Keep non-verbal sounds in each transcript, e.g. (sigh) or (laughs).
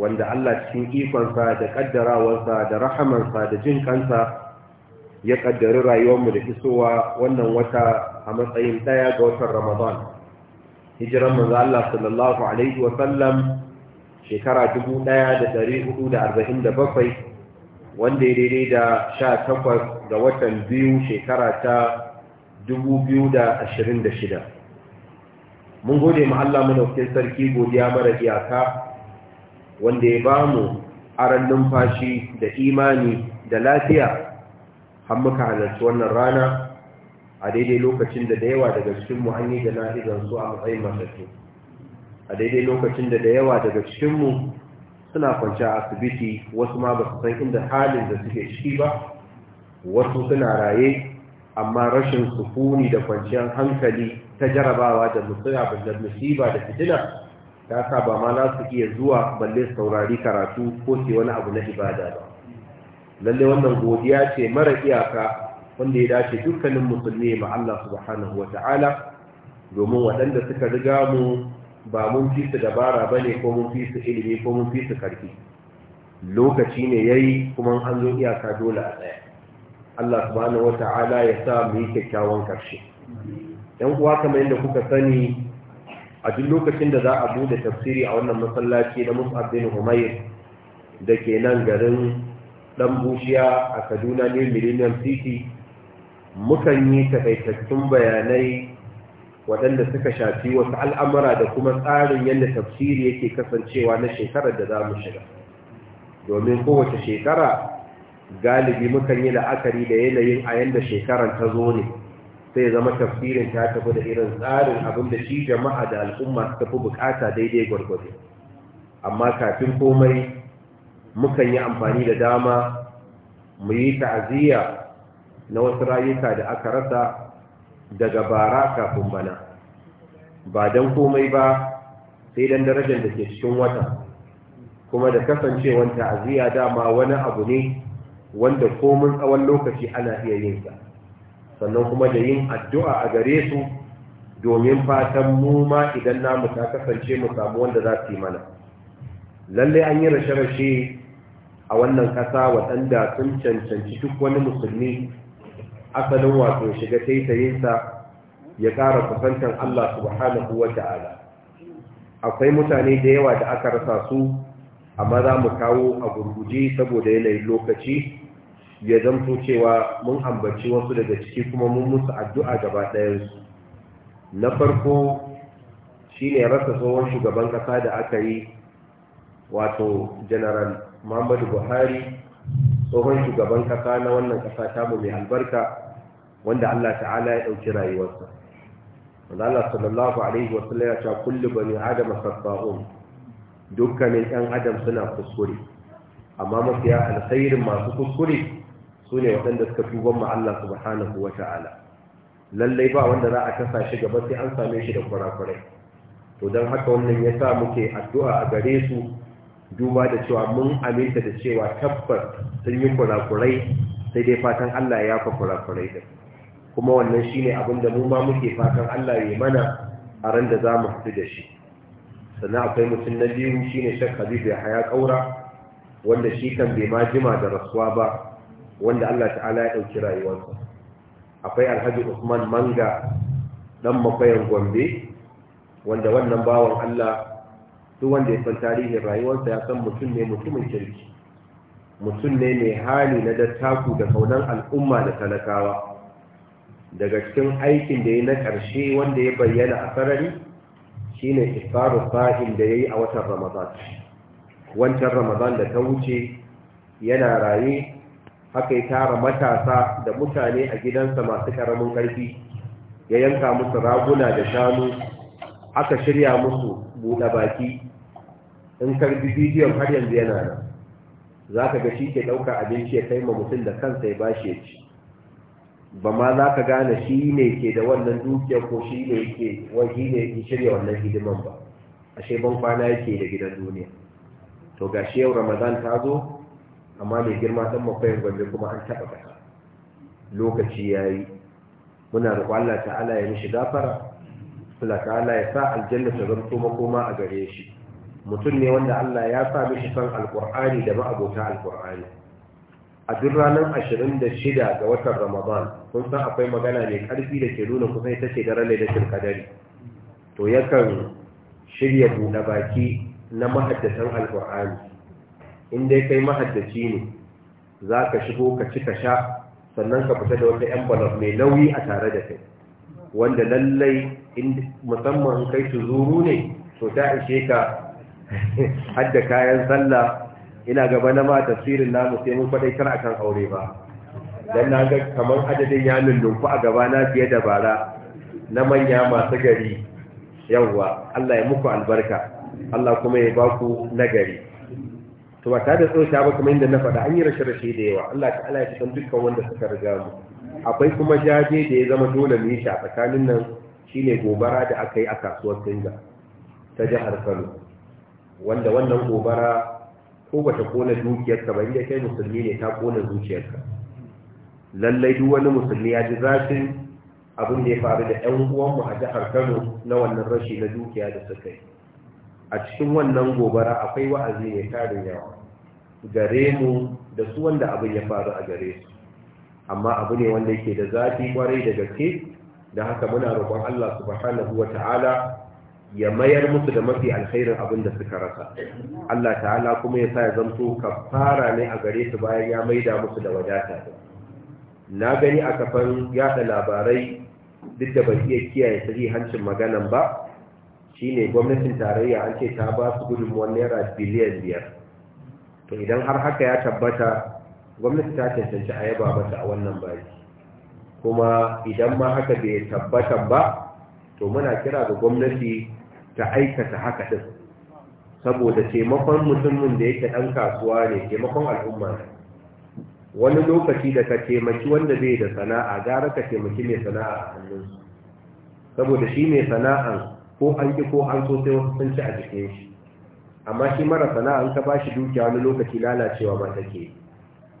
wanda Allah cikin ikonsa da ƙaddarawarsa da rahamansa da jin kansa ya kaddari rayuwarmu da isowa wannan wata a matsayin ɗaya ga watan Ramadan hijiran manzo Allah sallallahu alaihi wa sallam shekara 1447 wanda ya daidai da 18 ga watan biyu shekara ta 2026 mun gode ma Allah mu sarki godiya mara iyaka wanda ya ba mu aran numfashi da imani da lafiya har muka halarci wannan rana a daidai lokacin da da yawa daga cikinmu an yi jana'izar su a matsayin matattu a daidai lokacin da da yawa daga cikinmu suna kwanci a asibiti wasu ma ba su san inda halin da suke ciki ba wasu suna raye amma rashin sukuni da kwanciyar hankali ta jarabawa da da musiba da fitina ta sa ba ma za su iya zuwa balle saurari karatu ko ce wani abu na ibada ba lalle wannan godiya ce mara iyaka wanda ya dace dukkanin musulmi ma Allah subhanahu ta'ala domin waɗanda suka riga mu ba mun fi su dabara ba ne ko mun fi su ilimi ko mun fi su karfi lokaci ne ya yi kuma an zo iyaka dole a tsaya Allah subhanahu ta'ala ya sa mu yi kyakkyawan karshe ‘yan uwa kamar yadda kuka sani a duk lokacin da za a bude tafsiri a wannan masallaci na Mus'ab bin Umair da ke nan garin dan bushiya a Kaduna New Millennium City mukan yi takaitattun bayanai waɗanda suka shafi wasu al'amura da kuma tsarin yadda tafsiri yake kasancewa na shekarar da za mu shiga domin kowace shekara galibi mukan yi la'akari da yanayin a yadda shekarar ta zo ne sai zama tafsirin ta tafi da irin tsarin abin da shi jama'a da al'umma suka fi bukata daidai gwargwado amma kafin komai mukan yi amfani da dama mu yi ta'aziyya na wasu rayuka da aka rasa daga bara kafin bana ba don komai ba sai don darajar da ke cikin wata kuma da kasancewan ta'aziyya dama wani abu ne wanda komin tsawon lokaci ana iya yin sa sannan kuma da yin addu'a a gare su domin fatan mu ma idan namu ta kasance mu samu wanda za su yi mana lallai an yi rashe-rashe a wannan ƙasa waɗanda sun cancanci duk wani musulmi asalin wato shiga taitayinsa ya ƙara kusantar Allah subhanahu wa ta'ala akwai mutane da yawa da aka rasa su amma za mu kawo a gurguje saboda yanayin lokaci ya zamto cewa mun ambaci wasu daga ciki kuma mun musu addu'a gaba ɗayansu na farko shine rasa tsohon shugaban ƙasa da aka yi wato general muhammadu buhari tsohon shugaban ƙasa na wannan ƙasa tamu mai albarka wanda allah ta'ala ya ɗauki rayuwarsa wanda allah sallallahu alaihi wasallam ya ce kullu bani adam khata'un dukkanin ɗan adam suna kuskure amma mafiya alkhairin masu kuskure su ne waɗanda suka tuban ma Allah subhanahu wa ta'ala lallai ba wanda za a kasa shi gaba sai an same shi da kurakurai to don haka wannan ya sa muke addu'a a gare su duba da cewa mun aminta da cewa tabbas sun yi kurakurai sai dai fatan Allah ya fa kurakurai da kuma wannan shine abin da mu ma muke fatan Allah ya yi mana a ran da za mu fito da shi sannan akwai mutum na biyu shine ne ya haya ƙaura wanda shi kan bai ma jima da rasuwa ba wanda Allah ta'ala ya ɗauki rayuwarsa akwai alhaji usman manga ɗan makwayan gombe wanda wannan bawan Allah su wanda ya san tarihin rayuwarsa ya san mutum ne mutumin kirki mutum ne mai hali na dattaku da kaunan al'umma da talakawa daga cikin aikin da ya na ƙarshe wanda ya bayyana a sarari shine ifaru Fahim da ya yi a watan ramadan wancan ramadan da ta wuce yana raye haka ya tara matasa da mutane a gidansa masu karamin ƙarfi ya yanka musu raguna da shanu aka shirya musu buɗa baki in karbi bidiyon har yanzu yana nan za ka ga shi ke ɗauka abinci ya kai ma mutum da kansa ya bashi ya ci ba ma za ka gane shi ne ke da wannan dukiyar ko shi ne ke wani ne ke shirya wannan hidiman ba ashe ban kwana yake da gidan duniya to ga shi yau ramadan ta zo amma mai girma dan makoyan gombe kuma an taɓa ƙasa lokaci ya yi muna roƙo Allah ta'ala ya mishi gafara Allah ta'ala ya sa aljanna ta koma-koma a gare shi mutum ne wanda Allah ya sa mishi san alƙur'ani da ma'abota alƙur'ani a duk ranar 26 ga watan Ramadan kun san akwai magana mai ƙarfi da ke nuna kusa ita ce daren lailatul kadari to yakan shirya buɗe baki na mahaddatan alƙur'ani in dai kai mahaddaci ne za ka shigo ka ci ka sha sannan ka fita da wata envelope mai nauyi a tare da kai wanda lallai musamman kai kai tuzuru ne to ta ishe ka (laughs) hadda kayan sallah ina gaba na ma tafsirin namu sai mun kwadaitar akan aure ba dan na ga kamar adadin ya lullunku a gaba na fiye da bara na manya masu gari yawwa Allah ya muku albarka Allah kuma ya baku nagari to ba ta da tsoka ba kuma inda na faɗa an yi rashe-rashe da yawa Allah ta Allah ya san dukkan wanda suka riga mu akwai kuma jaje da ya zama dole ne shi a tsakanin nan shine gobara da aka yi a kasuwar Singa ta jihar Kano wanda wannan gobara ko ba ta kona dukiyarka ba inda kai musulmi ne ta kona ka lallai duk wani musulmi ya ji zafin abin da ya faru da ƴan uwanmu a jihar Kano na wannan rashi na dukiya da suka yi a cikin wannan gobara akwai wa'azi mai tarin yawa gare mu da su wanda abin ya faru a gare su amma abu ne wanda yake da zafi kwarai da gaske da haka muna roƙon Allah subhanahu wa ta'ala ya mayar musu da mafi alkhairin abin da suka rasa Allah ta'ala kuma ya sa ya zamto kafara ne a gare su bayan ya maida musu da wadata na gani a kafan yada labarai duk da ban iya kiyaye sahihancin maganan ba shine gwamnatin tarayya an ce ta ba su gudunmuwan naira biliyan biyar to idan har haka ya tabbata gwamnati ta cancanci a yaba mata a wannan bari kuma idan ma haka bai tabbata ba to muna kira ga gwamnati ta aikata haka din saboda taimakon mutumin da yake ɗan kasuwa ne taimakon al'umma wani lokaci da ka taimaki wanda bai da sana'a gara ka taimaki mai sana'a a hannunsu saboda shi mai sana'an ko harki ko an so sai wasu sun ci a jikin shi amma shi mara sana'a an ka bashi dukiya wani lokaci lalacewa ma take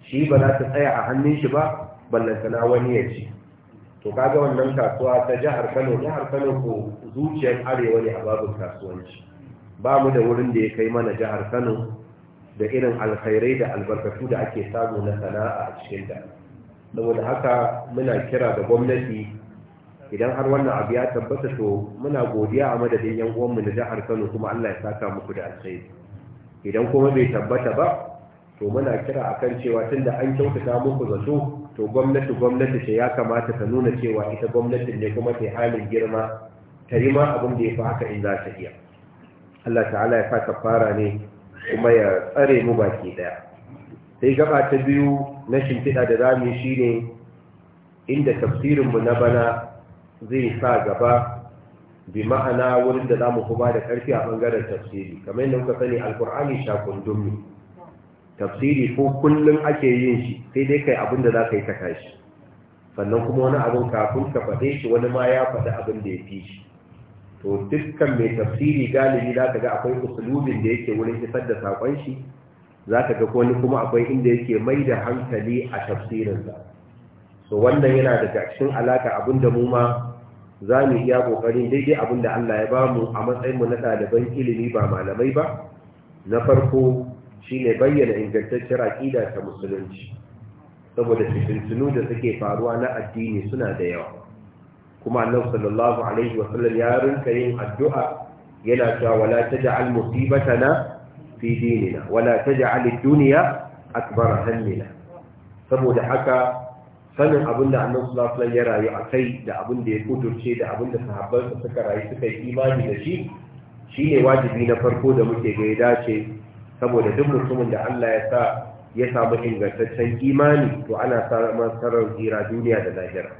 shi ba za ta tsaya a hannun shi ba ballan sana wani ya ci to kaga wannan kasuwa ta jihar Kano jihar Kano ko zuciyar arewa ne a babin kasuwanci ba mu da wurin da ya kai mana jihar Kano da irin alkhairai da albarkatu da ake samu na sana'a a cikin da saboda haka muna kira da gwamnati idan har wannan abu ya tabbata to muna godiya a madadin yan uwanmu na jihar Kano kuma Allah ya saka muku da alkhairi idan kuma bai tabbata ba to muna kira akan cewa tunda an kyautata muku zato to gwamnati gwamnati ce ya kamata ta nuna cewa ita gwamnatin ne kuma ta halin girma ta yi ma abin da ya fi haka in za ta iya Allah ta'ala ya saka fara ne kuma ya tsare mu baki daya sai gaba ta biyu na shimfiɗa da zamu shi ne inda tafsirinmu na bana zai sa gaba bi ma'ana wurin da zamu kuma da karfi a bangaren tafsiri kamar yadda muka sani alkur'ani shakun ne tafsiri ko kullum ake yin shi sai dai kai abin da za ka yi ka kashi sannan kuma wani abin kafin ka faɗe shi wani ma ya faɗi abin da ya fi shi to dukkan mai tafsiri galibi za ka ga akwai usulubin da yake wurin isar da saƙon shi za ka ga wani kuma akwai inda yake mai da hankali a tafsirinsa so wannan yana daga cikin alaƙa abin da mu ma za mu iya kokarin daidai abin da Allah ya bamu a matsayin mu na ɗaliban ilimi ba malamai ba na farko shine bayyana ingantaccen aqida ta musulunci saboda fitintunu da suke faruwa na addini suna da yawa kuma annabi sallallahu alaihi wa sallam ya rinka yin addu'a yana cewa wala taj'al musibatana fi dinina wala taj'al ad-dunya akbar hammina saboda haka sanin abin da annabi sallallahu ya rayu a kai da abin da ya kudurce da abin da sahabbansa suka rayu suka yi imani da shi shine wajibi na farko da muke ga ya dace saboda duk mutumin da Allah ya sa ya samu ingantaccen imani to ana samun sarar jira duniya da lahira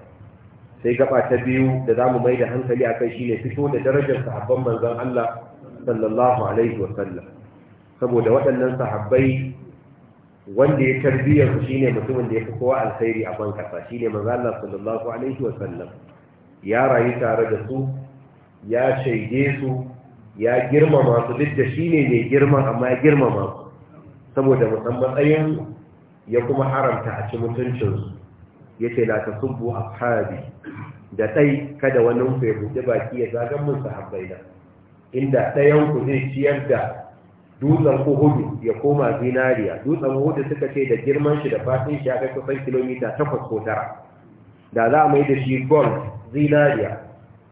sai gaba ta biyu da zamu mai da hankali shi shine fito da darajar sahabban manzon Allah sallallahu alaihi saboda waɗannan sahabbai wanda ya tarbiyyar shine mutumin da ya fi kowa alkhairi a ban kasa shine manzo Allah sallallahu alaihi wa sallam ya rayu tare da su ya shaide su ya girmama su duk da shine mai girma amma ya girmama su saboda musamman tsayin ya kuma haramta a ci mutuncin su yace la tasubbu ashabi da dai kada wani ku ya buɗe baki ya zagan mun sahabbai inda ɗayan ku zai ciyar da dutsen uhudu ya koma zinariya dutsen uhudu suka ce da girman shi da fatin shi aka kusan kilomita takwas ko tara da za a mai da shi gold zinariya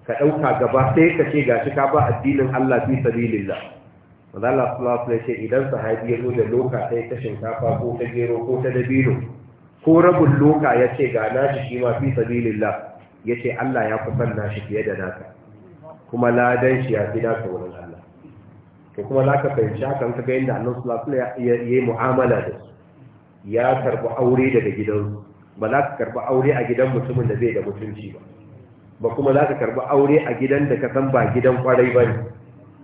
ka ɗauka gaba sai ka ce gashi ka ba addinin Allah fi sabilillah manzo Allah sallallahu alaihi wasallam idan sahabi ya zo da loka sai ta shinkafa ko ta gero ko ta dabino ko rabin loka ya ce ga nashi shi ma fi sabilillah ya ce Allah ya kusan nashi fiye da naka kuma ladan shi ya fi naka wurin ko kuma za ka fahimci hakan ka ga yadda annan sulasun ya yi mu'amala da su ya karɓi aure daga gidan ba za ka karɓi aure a gidan mutumin da zai da mutunci ba ba kuma za ka karɓi aure a gidan da ka san ba gidan kwarai ba ne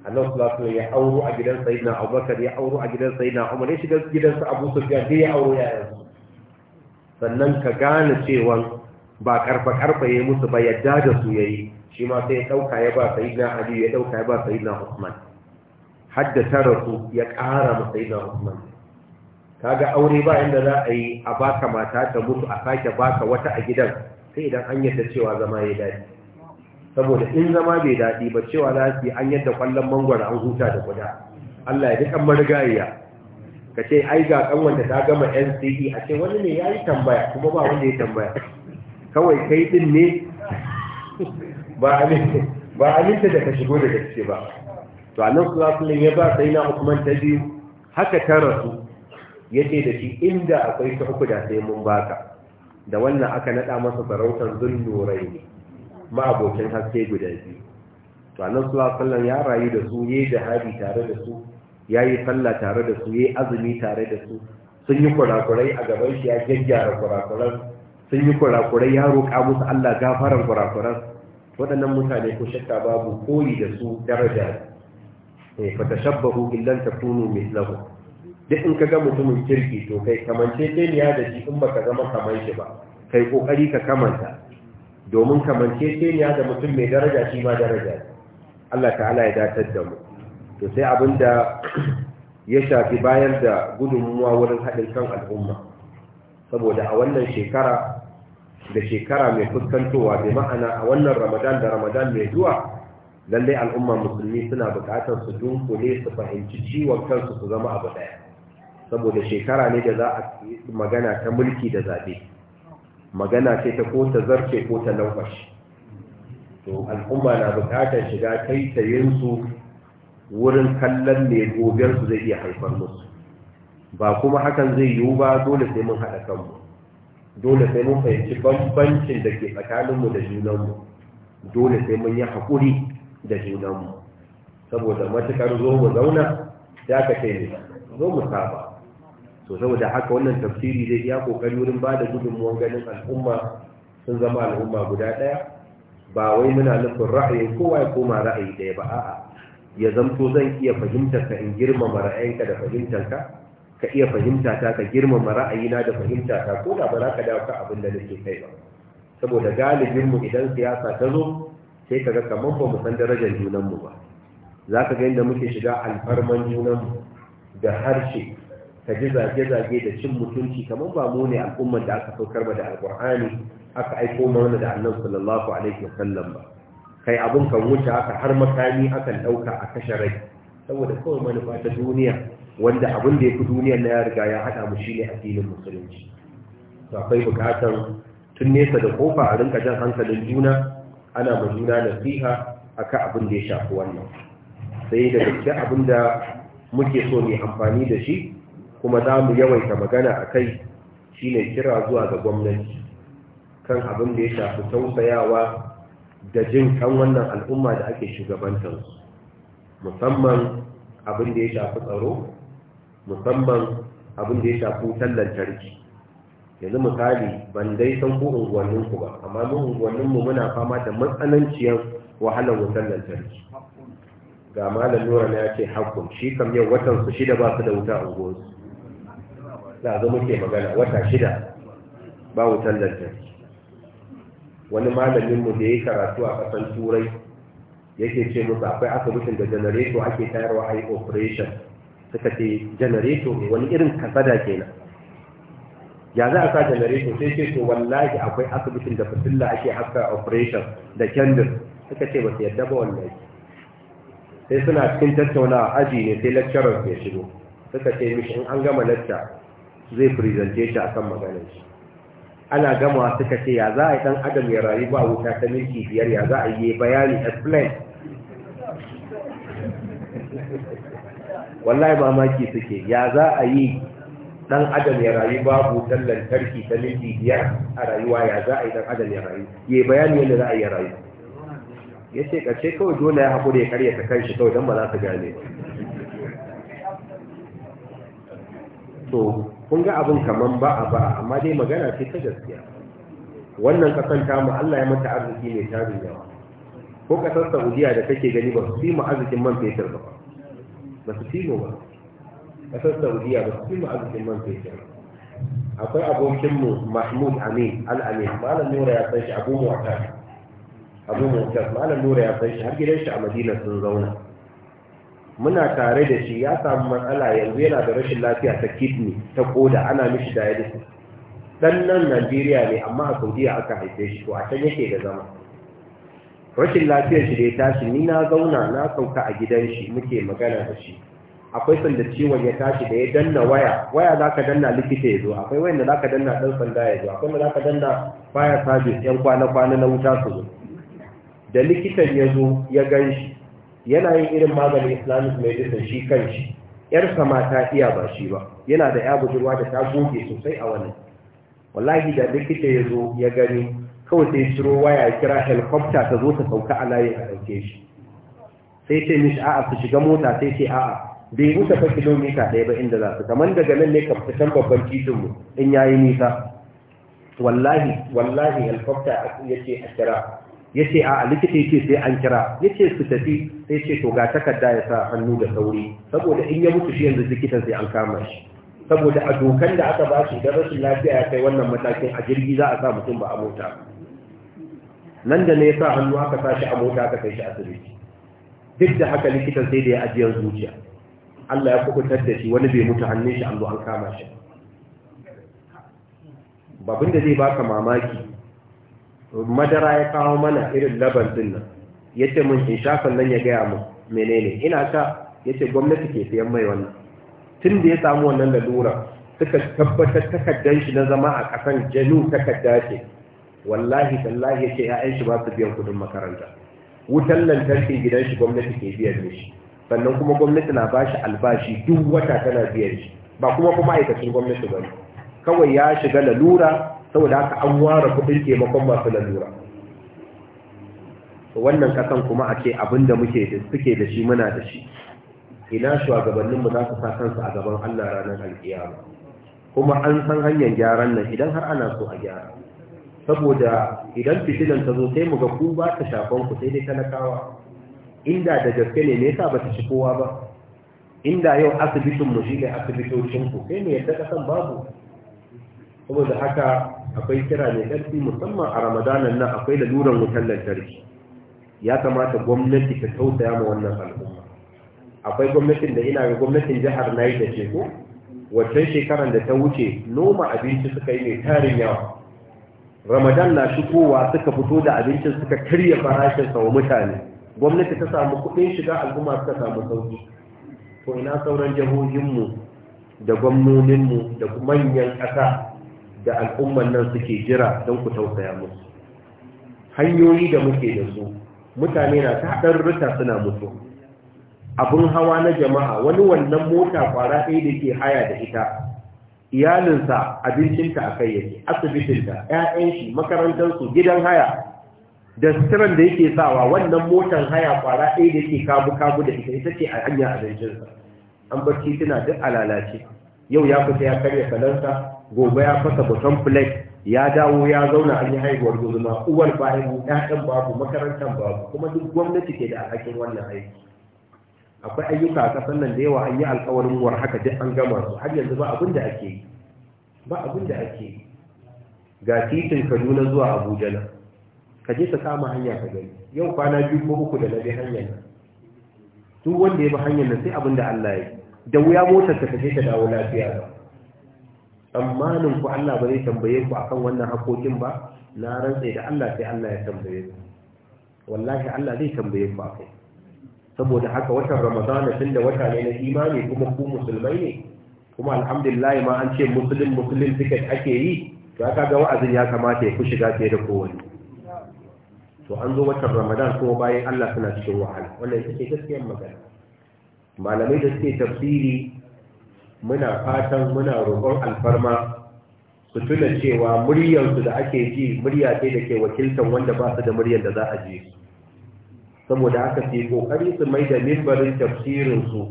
annan sulasun ya auro a gidan sayidina abubakar ya auro a gidan sayidina umar ya shiga su abu sufyan dai ya auro yayansu sannan ka gane cewa ba karfa karfa yayi musu ba yadda da su yayi shi ma sai ya ɗauka ya ba sayidina aliyu ya ɗauka ya ba sayidina usman ta rasu ya ƙara matsayi na Usman. Kaga aure ba inda za a yi a baka mata ta mutu a sake baka wata a gidan sai idan an yadda cewa zama ya daɗi. Saboda in zama bai daɗi ba cewa za su yi an yadda kwallon mangwara an huta da guda. Allah ya dukan marigayya. Ka ce ai ga kanwanta ta gama NCE a ce wani ne ya yi tambaya kuma ba wanda ya tambaya. Kawai kai din ne ba aminta da ka shigo da gaske ba. to nan sallallahu alaihi ya ba sai na Uthman ta biyu haka ta rasu yace da shi inda akwai ta uku da sai mun baka da wannan aka naɗa masa sarautar zullurai ne ma abokin haske guda biyu to nan sallallahu alaihi ya rayu da su yayi jihadi tare da su yayi sallah tare da su yayi azumi tare da su sun yi kurakurai a gaban shi ya gyaggyara kurakuran sun yi kurakurai ya roƙa musu Allah gafaran kurakuran waɗannan mutane ko shakka babu koyi da su daraja Eh. fa tashabbahu illan takunu mithlahu duk in kaga mutumin kirki to kai kamance ya da shi in baka zama kaman shi ba kai kokari ka kamanta domin kamance ya da mutum mai daraja shi ma daraja Allah ta'ala ya datar da mu to sai abinda (clears throat) ya shafi bayar da gudunmuwa wurin haɗin kan al'umma saboda a wannan shekara da shekara mai fuskantowa bai ma'ana a wannan ramadan da ramadan mai zuwa lallai al'umma musulmi suna bukatar su dunkule su fahimci ciwon kansu su zama abu ɗaya saboda shekara ne da za a magana ta mulki da zaɓe magana ce ta ko ta zarce ko ta lankwashi to al'umma na bukatar shiga taitayinsu wurin kallon mai gobensu zai iya haifar musu ba kuma hakan zai yiwu ba dole sai mun haɗa kanmu dole sai mun fahimci bambancin da ke tsakaninmu da junanmu dole sai mun yi haƙuri da junanmu saboda matukar zo mu zauna ya ka ce zo mu saba to saboda haka wannan tafsiri zai iya kokari wurin ba da gudunmuwan ganin al'umma sun zama al'umma guda ɗaya ba wai muna nufin ra'ayi kowa ya koma ra'ayi ɗaya ba a'a ya zamto zan iya fahimtar ka in girmama ra'ayinka da fahimtar ka ka iya fahimta ta ka girmama ra'ayina da fahimta ta ko da ba za ka dawo ka abin da nake kai ba saboda galibin mu idan siyasa ta zo sai kaga kamar ba mu san darajar junanmu ba za ka ga inda muke shiga alfarman junanmu da harshe ka ji zage-zage da cin mutunci kamar ba mu ne al'ummar da aka saukar ba da alƙur'ani aka aiko mana da annabi sallallahu alaihi wasallam ba kai abun kan wuce aka har makami akan ɗauka a kashe rai saboda kawai manufa ta duniya wanda abin da ya fi duniyar na ya riga ya haɗa mu shine addinin musulunci to akwai bukatar tun nesa da kofa a rinka jan hankalin juna ana ma juna nasiha ka abin da ya shafi wannan sai da duk abin da muke so ne amfani da shi kuma za mu yawaita magana a kai shine kira zuwa ga gwamnati kan abin da ya shafi tausayawa da jin kan wannan al'umma da ake shugabantarsu musamman abin da ya shafi tsaro musamman abin da ya shafi wutar lantarki yanzu misali ban dai san ku unguwannin ba amma mu unguwannin mu muna fama da matsananciyar wahalar wutar lantarki ga malam nura na ya ce hakkun shi kam yau watan su shida ba su da wuta unguwarsu da zo muke magana wata shida ba wutar lantarki wani malamin mu da ya karatu a kasan turai yake ce musu akwai asibitin da janareto ake tayarwa a yi operation suka ce janareto wani irin kasada kenan ya za a sa janareto sai ce to wallahi akwai asibitin da fitilla ake haska operation da kendir suka ce ba su yadda ba wallahi sai suna cikin tattaunawa aji ne sai lecturer ya shigo suka ce mishi in an gama lecture zai presente shi akan maganar shi ana gama suka ce ya za a yi dan adam ya rayu ba wuta ta minti biyar ya za a yi bayani explain wallahi mamaki suke ya za a yi dan adam ya rayu babu wutar lantarki ta minti biyar a rayuwa ya za a yi dan adam ya rayu ya bayani yadda za a yi ya rayu ya ce ƙarshe kawai dole ya haƙuri ya karyata kanshi kawai don ba za ka gane to kun ga abin kamar ba a ba amma dai magana ce ta gaskiya wannan kasan mu Allah ya mata arziki mai tarin yawa ko kasar Saudiya da kake gani ba su fi mu arzikin man fetur ba ba su fi mu ba kasar saudiya ba su cimma arzikin man fetur akwai abokinmu mahmud amin al-amin malam nura ya san shi abu muwatar abu malam nura ya san shi har gidan shi a madina sun zauna muna tare da shi ya samu matsala yanzu yana da rashin lafiya ta kidney ta koda ana mishi dialysis dan nan Najeriya ne amma a Saudiya aka haife shi to a can yake da zama rashin lafiyar shi da ya tashi ni na zauna na sauka a gidan shi muke magana da shi akwai sanda ciwon ya tashi da ya danna waya waya za ka danna likita ya zo akwai wanda za ka danna ɗan sanda ya zo akwai wanda za ka danna fire service yan kwana-kwana na wuta su zo da likitan ya zo ya gan shi yana yin irin maganin islamic medicine shi kan shi yarsa ma ta iya ba shi ba yana da ya budurwa da ta goge sosai a wannan wallahi da likita ya zo ya gani kawai sai ciro waya kira helicopter ta zo ta sauka a layin a ɗauke shi sai ce mishi a'a su shiga mota sai ce a'a bai wuce fa kilomita ɗaya ba inda za su kamar daga nan ne ka fitan babban titin mu in yayi nisa wallahi wallahi ya yace a kira yace a likita yace sai an kira yace su tafi sai ce to ga takarda ya sa hannu da sauri saboda in ya mutu shi yanzu likitan sai an kama shi saboda a dokan da aka ba shi da rashin lafiya ya kai wannan matakin a jirgi za a sa mutum ba a mota nan da ne ya sa hannu aka sa shi a mota aka kai shi asibiti duk da haka likitan sai da ya ajiyar zuciya Allah ya kubutar da shi wani bai mutu hannun shi an zo an kama shi babin da zai baka mamaki madara ya kawo mana irin laban din nan yace mun in shafan nan ya gaya mu menene ina ta yace gwamnati ke sayan mai wannan tun da ya samu wannan lalura suka tabbatar takaddan shi na zama a kasan janu takadda ce wallahi tallahi yace ya'yan shi ba su biyan kudin makaranta wutan lantarkin gidan shi gwamnati ke biyan shi. sannan kuma gwamnati na bashi albashi duk wata tana biyar shi ba kuma kuma aikacin gwamnati ba kawai ya shiga lalura saboda haka an ware kuɗin taimakon masu lalura wannan kasan kuma a ce abin da muke suke da shi muna da shi ina shugabanninmu za su sa kansu a gaban Allah ranar alkiyama kuma an san hanyar gyaran nan idan har ana so a gyara saboda idan fitilan ta zo sai mu ga ku ba ta shafan ku sai dai talakawa inda da gaske ne ne yasa ba ta ci kowa ba inda yau asibitin mu shi ne asibitocin ku kai ne yadda kasan babu saboda haka akwai kira mai ƙarfi musamman a ramadanan nan akwai laluran wutar lantarki ya kamata gwamnati ta tausaya ma wannan al'umma akwai gwamnatin da ina ga gwamnatin jihar yi ce ko waccan shekaran da ta wuce noma abinci suka yi mai tarin yawa ramadan na shigowa suka fito da abincin suka karya farashin sau mutane gwamnati ta samu kuɗin shiga al'umma suka samu sauki to ina sauran jihohinmu da gwamnoninmu da manyan ƙasa da al'umman nan suke jira don ku tausaya musu hanyoyi da muke da su mutane na ta rita suna mutu Abun hawa na jama'a wani wannan mota kwara ɗaya da ke haya da ita iyalinsa abincinta a kai yake asibitinta 'ya'yan shi makarantarsu gidan haya da sitiran da yake sawa wannan motar haya kwara ɗaya da yake kabu-kabu da ita ita ce a hanya a an barci suna duk a lalace yau ya fita ya karya salansa gobe ya fasa baton flak ya dawo ya zauna an yi haihuwar guzuma uwar bayan ɗaɗan babu makarantar babu kuma duk gwamnati ke da alhakin wannan aiki akwai ayyuka a ƙasar nan da yawa an yi alkawarin war haka duk an gama su har yanzu ba abin da ake yi ba abin da ake yi ga titin kaduna zuwa abuja nan ka je ka kama hanya ka gani yau kwana biyu ko uku da nabi hanyar duk wanda ya bi hanyar na sai abin da Allah ya yi da wuya motar ka je ka dawo lafiya ba tsammanin ku Allah ba zai tambaye ku akan wannan hakokin ba na rantsa da Allah sai Allah ya tambaye ku wallahi Allah zai tambaye ku akai saboda haka watan Ramadana tunda wata ne na imani kuma ku musulmai ne kuma alhamdulillah ma an ce musulun musulun suka ake yi to aka ga wa'azin ya kamata ya ku shiga fiye da kowanne to an zo watan ramadan kuma bayan Allah suna cikin wahala wannan ita ce gaskiyar magana malamai da suke tafsiri muna fatan muna roƙon alfarma su tuna cewa muryarsu da ake ji murya ce da ke wakiltan wanda ba su da muryar da za a su. saboda haka fi kokari su mai da mimbarin tafsirinsu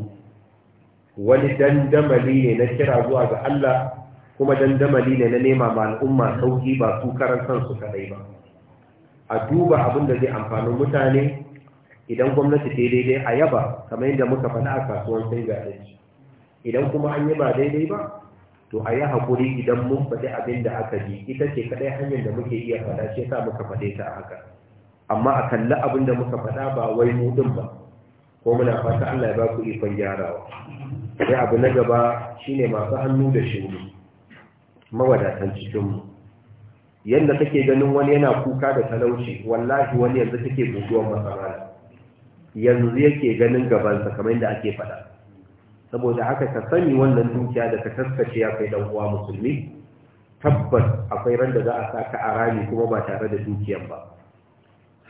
wani dandamali ne na kira zuwa ga Allah kuma dandamali ne na nema ma al'umma sauki ba su karan su kaɗai ba a duba abin da zai amfani mutane idan gwamnati ta daidai a yaba kamar yadda muka faɗa a kasuwan sai ga idan kuma an yi ba daidai ba to a yi haƙuri idan mun faɗi abin da aka ji ita ce kaɗai hanyar da muke iya faɗa shi sa muka faɗe ta a haka amma a kalli abin da muka faɗa ba wai mu ba ko muna fata Allah ya ba ku ikon gyarawa sai abu na gaba shine masu hannu da shuni mawadatan mu. yadda take ganin wani yana kuka da talauci wallahi wani yanzu take guguwar masara yanzu yake ganin gabansa kamar yadda ake faɗa saboda haka ka sani wannan dukiya da ka taskace ya kai dan uwa musulmi tabbas akwai randa za a sa ka a rami kuma ba tare da dukiyan ba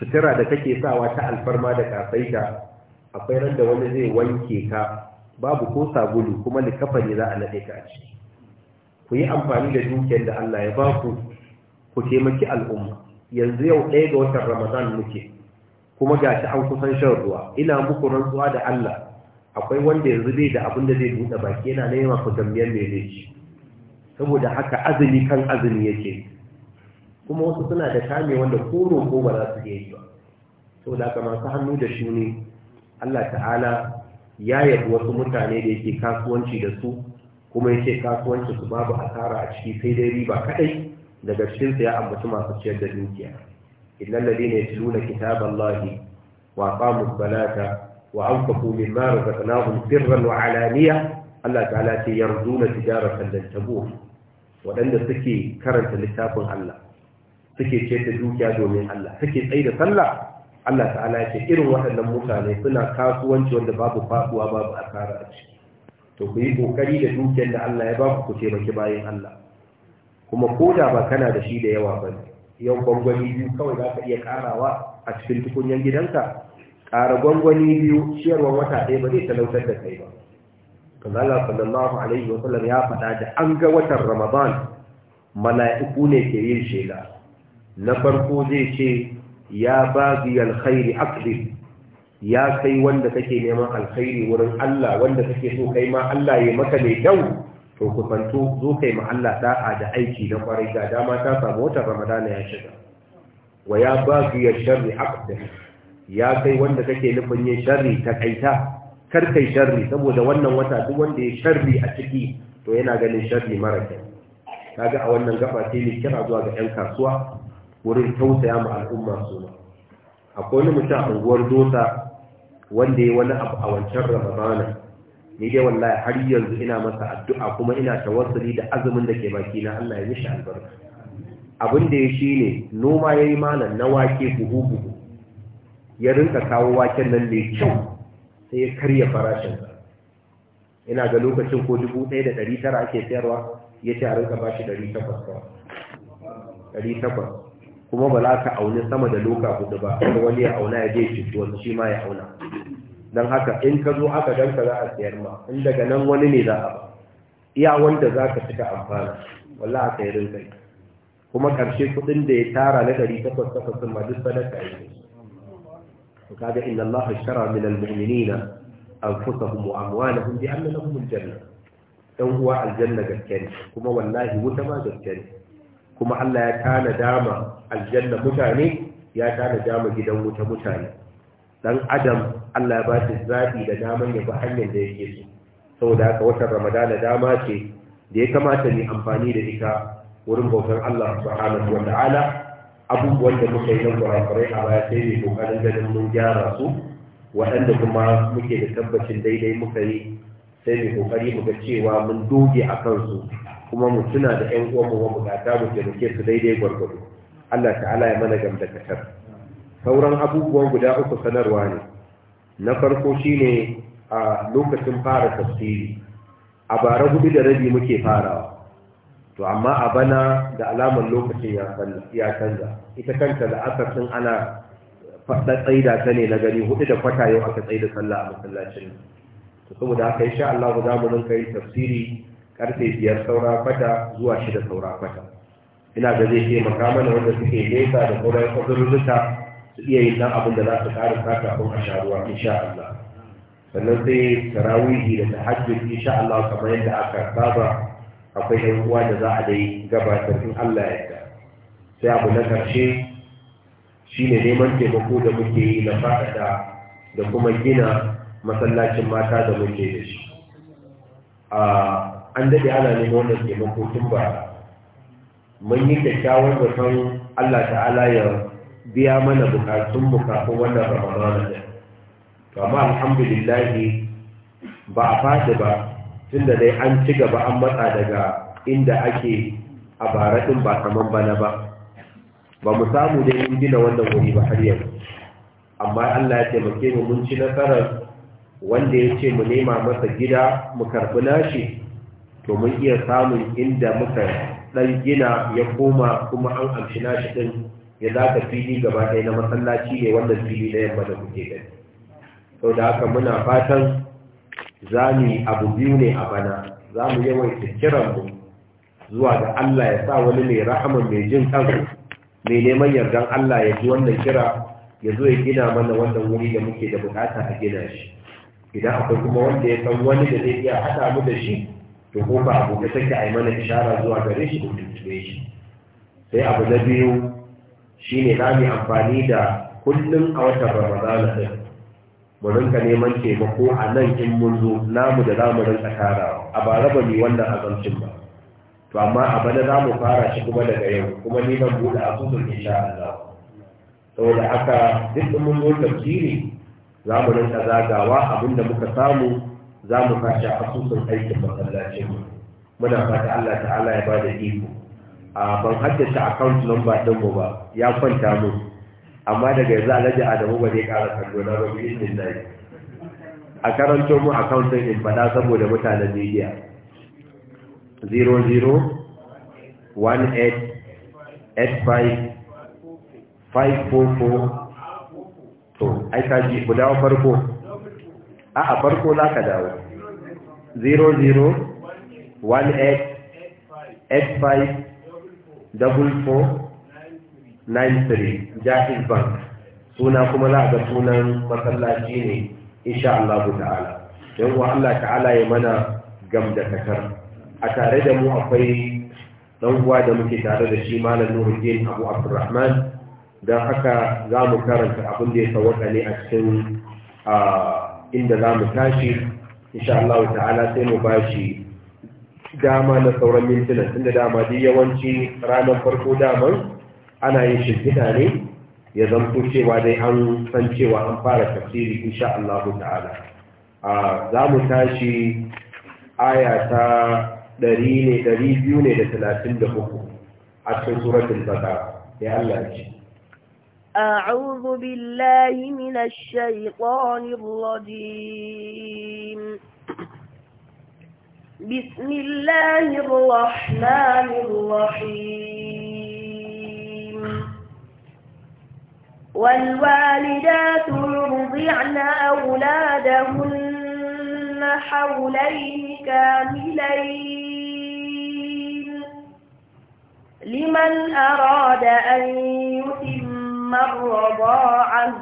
sutura da kake sawa ta alfarma da kafaita akwai randa wani zai wanke ka babu ko sabulu kuma likafa ne za a nade ka a ciki ku yi amfani da dukiyar da Allah ya ba ku ku taimaki al'umma yanzu yau ɗaya ga watan ramadan muke kuma ga shi an kusan shan ruwa ina muku rantsuwa da Allah akwai wanda yanzu bai da abin da zai buɗe baki yana nema ku tambayar me zai ci saboda haka azumi kan azumi yake kuma wasu suna da kame wanda ko roƙo ba za su iya yi ba saboda haka masu hannu da shi ne, Allah ta'ala ya yabi wasu mutane da yake kasuwanci da su kuma yake kasuwanci su babu asara a ciki sai dai riba kaɗai. daga cikin ya ambaci masu ciyar da dukiya innal ladina yatluna kitaballahi wa aqamus salata wa anfaqu mimma razaqnahum sirran wa alaniya Allah ta'ala ce yarzuna tijaratan lan tabur wadanda suke karanta littafin Allah suke ciyar da dukiya domin Allah suke tsaye da sallah Allah ta'ala ya ce irin waɗannan mutane suna kasuwanci wanda babu faduwa babu asara a ciki to ku yi kokari da dukiyar da Allah ya ba ku ku taimaki bayan Allah kuma ko da ba kana da shi da yawa ba yau gwangwani biyu kawai za ka iya karawa a cikin tukunyan gidanka ƙara gwangwani biyu Ciyarwar wata ɗaya ba zai talautar da kai ba kaza Allah sallallahu alaihi wa sallam ya faɗa da an ga watan Ramadan mala'iku ne ke yin shela na farko zai ce ya bazi alkhairi aqbil ya kai wanda kake neman alkhairi wurin Allah wanda kake so kai ma Allah ya maka mai kyau to ku fanto zo kai ma Allah da'a da aiki na kwarai ga dama ta samu wata ramadana ya shiga wa ya ba su ya sharri aqdam ya kai wanda kake nufin yin sharri ta kaita kar kai sharri saboda wannan wata duk wanda ya sharri a ciki to yana ganin sharri mara kyau kaga a wannan gaba sai ne kira zuwa ga yan kasuwa wurin tausaya ma al'umma su akwai wani mutum a unguwar dosa wanda ya wani abu a wancan ramadana ni dai wallahi har yanzu ina masa addu'a kuma ina tawassuli da azumin da ke baki na Allah ya mishi albarka abin da ya shine noma yayi malam na wake buhu buhu ya rinka kawo waken nan mai kyau sai ya karya farashin ina ga lokacin ko da 1900 ake sayarwa yace a rinka bashi 800 takwas. kuma ba za ka auni sama da loka hudu ba wani ya auna ya je shi wani shi ma ya auna don haka in ka zo aka ganka za a siyar ma in daga nan wani ne za a ba iya wanda za ka cika amfana wala a sayarin kai kuma ƙarshe kuɗin da ya tara na ɗari takwas takwas ma duk sadaka ya yi kaga inna allaha shara min almu'minina anfusahum na amwalahum bi anna lahum aljanna dan uwa aljanna gaske ne kuma wallahi wuta ma gaske ne kuma Allah ya tana dama aljanna mutane ya tana dama gidan wuta mutane dan adam Allah ba shi zaɓi da daman ya bi hanyar da yake so saboda haka watan ramadana dama ce da ya kamata ne amfani da ita wurin bautar Allah subhanahu wa ta'ala abubuwan da muka yi na kurakurai a baya sai mai kokarin ganin mun gyara su waɗanda kuma muke da tabbacin daidai muka yi sai mai kokari muka cewa mun doge a kansu kuma mu tuna da ƴan uwanmu wa bukata mu taimake su daidai gwargwado Allah ta'ala ya mana gamda sauran abubuwan guda uku sanarwa ne na farko shine a lokacin fara tafsiri a bara hudu da rabi muke farawa to amma a bana da alamar lokacin ya canza ita kanta da sun ana faɗa tsaida ta ne na gari hudu da kwata yau aka tsaida sallah a masallacin to saboda haka insha Allah za mu nan kai tafsiri karfe biyar saura kwata zuwa shida saura kwata ina ga zai ke makamana wanda suke nesa da sauran ƙudurruka su iya yin dan abin da za su ƙara saka kafin a sharuwa insha Allah sannan sai tarawihi da tahajjud insha Allah kamar yadda aka saba akwai yan uwa da za a dai gabatar in Allah ya yarda sai abu na karshe shine neman taimako da muke yi na faɗaɗa da kuma gina masallacin mata da muke da shi an daɗe ana neman wannan taimako tun ba mun yi kyakkyawar zaton Allah ta'ala ya biya mana bukatun bukatun wannan ramadana ne to amma alhamdulillah ba a faɗi ba tunda dai an ci gaba an matsa daga inda ake a bara ba kaman bana ba ba mu samu dai mun gina wannan wuri ba har yau amma Allah ya taimake mu mun ci nasarar wanda ya ce mu nema masa gida mu karɓi nashi to mun iya samun inda muka dan gina ya koma kuma an amshi nashi ɗin? ya za ka fili gaba ɗaya na masallaci ne wannan fili na yamma da kuke gani sau da haka muna fatan za mu yi abu biyu ne a bana za mu kiran mu zuwa ga Allah ya sa wani mai rahaman mai jin kansu mai neman yardan Allah ya ji wannan kira ya zo ya gina mana wannan wuri da muke da bukata a gina shi idan akwai kuma wanda ya san wani da zai iya haɗa mu da shi to ko ba abu da take a yi mana ishara zuwa gare shi da tuntube shi sai abu na biyu shi ne za mu amfani da kullum a watan ramadana ɗin mu rinka neman taimako a nan in mun zo namu da za mu rinka tarawa a bara ba mu wannan azancin ba to amma a bana za mu fara shi kuma daga yau kuma ni zan buɗe asusun insha Allah saboda haka duk mun zo tafsiri za mu rinka zagawa abinda muka samu za mu kashe asusun aikin masallacin muna fata Allah ta'ala ya ba da iko a ban haddace account number din mu ba ya kwanta mu amma daga yanzu alhaji Adamu ba zai ƙara kallo na ba bi idin a karanto mu account din in bada saboda mutanen media 00 18 85 544 to ai ka ji ku dawo farko a a farko za ka dawo 00 double four nine three jahil bank suna kuma za ga sunan masallaci ne insha Allah ta'ala don wa Allah ta'ala ya mana gam da a tare da mu akwai dan uwa da muke tare da shi malam Nuruddin Abu Abdurrahman dan haka za mu karanta abin da ya tawaka ne a cikin ah, inda za mu tashi insha Allah ta'ala sai mu bashi dama na sauran mintunan tunda dama duk yawanci ranar farko dama ana yin shirkita ne ya zanto cewa dai an san cewa an fara tafsiri insha Allah ta'ala a za mu tashi aya ta ɗari ne da talatin da uku a cikin suratul baqara ya Allah ce أعوذ بالله من الشيطان الرجيم بسم الله الرحمن الرحيم والوالدات يرضعن أولادهن حولين كاملين لمن أراد أن يتم الرضاعة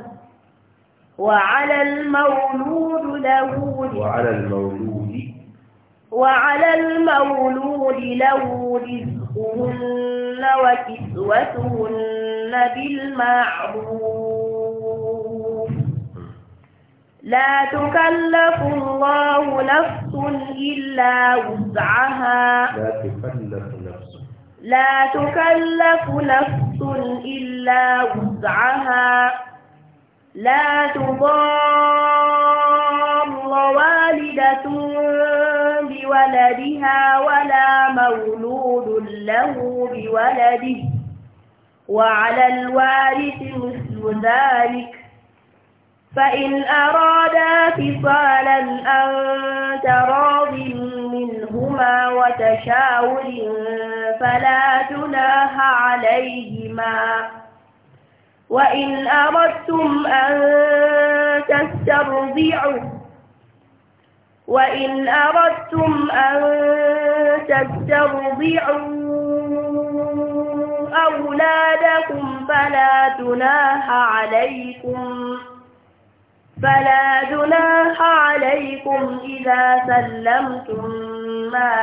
وعلى المولود له وعلى المولود وعلى المولود له رزقهن وكسوتهن بالمعروف لا تكلف الله نفس إلا وسعها لا تكلف نفس لا تكلف نفس إلا وسعها لا تضار والدة بولدها ولا مولود له بولده وعلى الوارث مثل ذلك فإن أرادا فصالا أن تراض منهما وتشاور فلا تناه عليهما وإن أردتم أن تسترضعوا وإن أردتم أن تسترضعوا أولادكم فلا جناح عليكم فلا جناح عليكم إذا سلمتم ما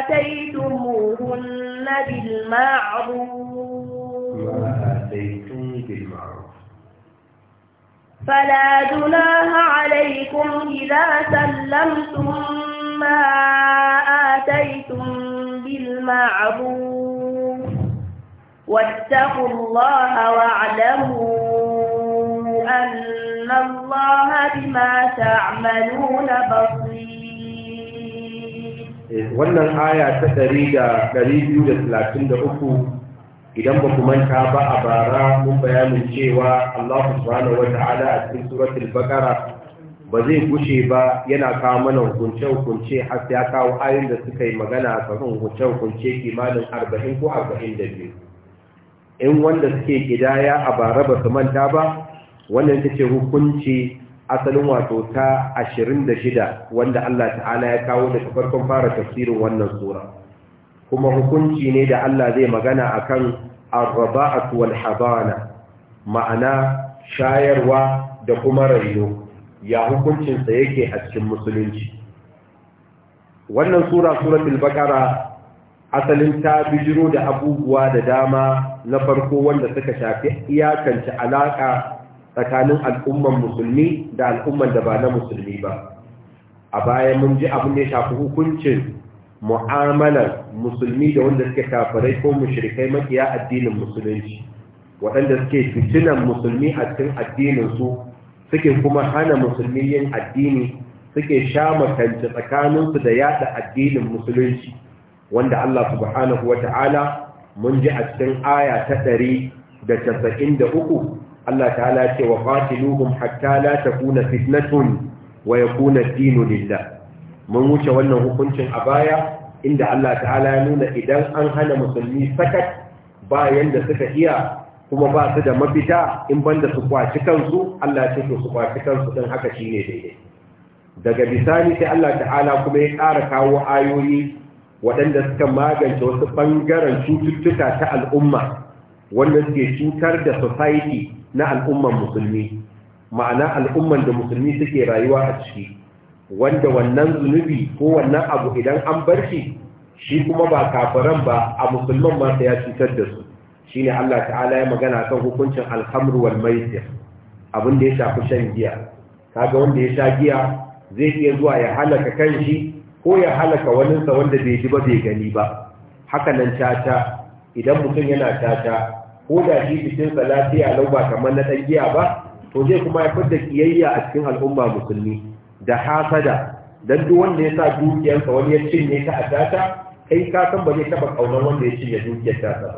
آتيتموهن بالمعروف فلا جناها عليكم إذا سلمتم ما آتيتم بالمعروف واتقوا الله واعلموا أن الله بما تعملون بصير wannan إيه، يوجد لكن 233 idan ba ku manta ba a bara mun bayanin cewa Allah subhanahu ta'ala a cikin suratul baqara ba zai gushe ba yana kawo mana hukunce hukunce har sai ya kawo ayoyin da suka yi magana a kan hukunce hukunce kimanin 40 ko 42 in wanda suke gidaya a bara ba su manta ba wannan ita ce hukunci asalin wato ta 26 wanda Allah ta'ala ya kawo daga farkon fara tafsirin wannan sura kuma hukunci ne da Allah zai magana akan الرضاعه والحضانه habana ma'ana shayarwa da kuma rayo ya hukuncinsa yake a cikin musulunci wannan sura suratul baqara asalin ta bijiro da abubuwa da dama na farko wanda suka shafi iyakanci alaka tsakanin al'umman musulmi da al'umman da ba na musulmi ba a baya mun ji abin da ya shafi hukuncin mu'amalar musulmi da wanda suke kafirai ko mushrikai makiya addinin musulunci waɗanda suke fitinan musulmi a cikin addininsu suke kuma hana musulmi yin addini suke sha makanci tsakaninsu da yaɗa addinin musulunci wanda Allah subhanahu wa ta'ala mun ji a cikin aya ta ɗari da casa'in da uku Allah ta'ala ce wa fatiluhum hatta la takuna fitnatun wa yakuna dinu lillah mun wuce wannan hukuncin a baya inda Allah ta'ala ya nuna idan an hana musulmi sakat bayan da suka iya kuma ba su da mafita in banda su kwaci kansu Allah ce su kwaci kansu din haka shine daidai daga bisani sai Allah ta'ala kuma ya ƙara kawo ayoyi waɗanda suka magance wasu ɓangaren cututtuka ta al'umma wanda suke cutar da society na al'umman musulmi ma'ana al'umman da musulmi suke rayuwa a ciki wanda wannan zunubi ko wannan abu idan an bar shi shi kuma ba kafiran ba a musulman ma ya cutar da su shine Allah ta'ala ya magana kan hukuncin alhamru wal maisir abin da ya shafi shan giya kaga wanda ya sha giya zai iya zuwa ya halaka shi ko ya halaka sa wanda bai ji ba bai gani ba haka nan tata idan mutum yana caca, ko da shi cikin lafiya lau ba kamar na ɗan giya ba to zai kuma ya da kiyayya a cikin al'umma musulmi da hasada dan duk wanda ya sa dukiyarsa wani ya cinye ta a tata kai ka san ba zai taba kaunar wanda ya cinye dukiyar ta ba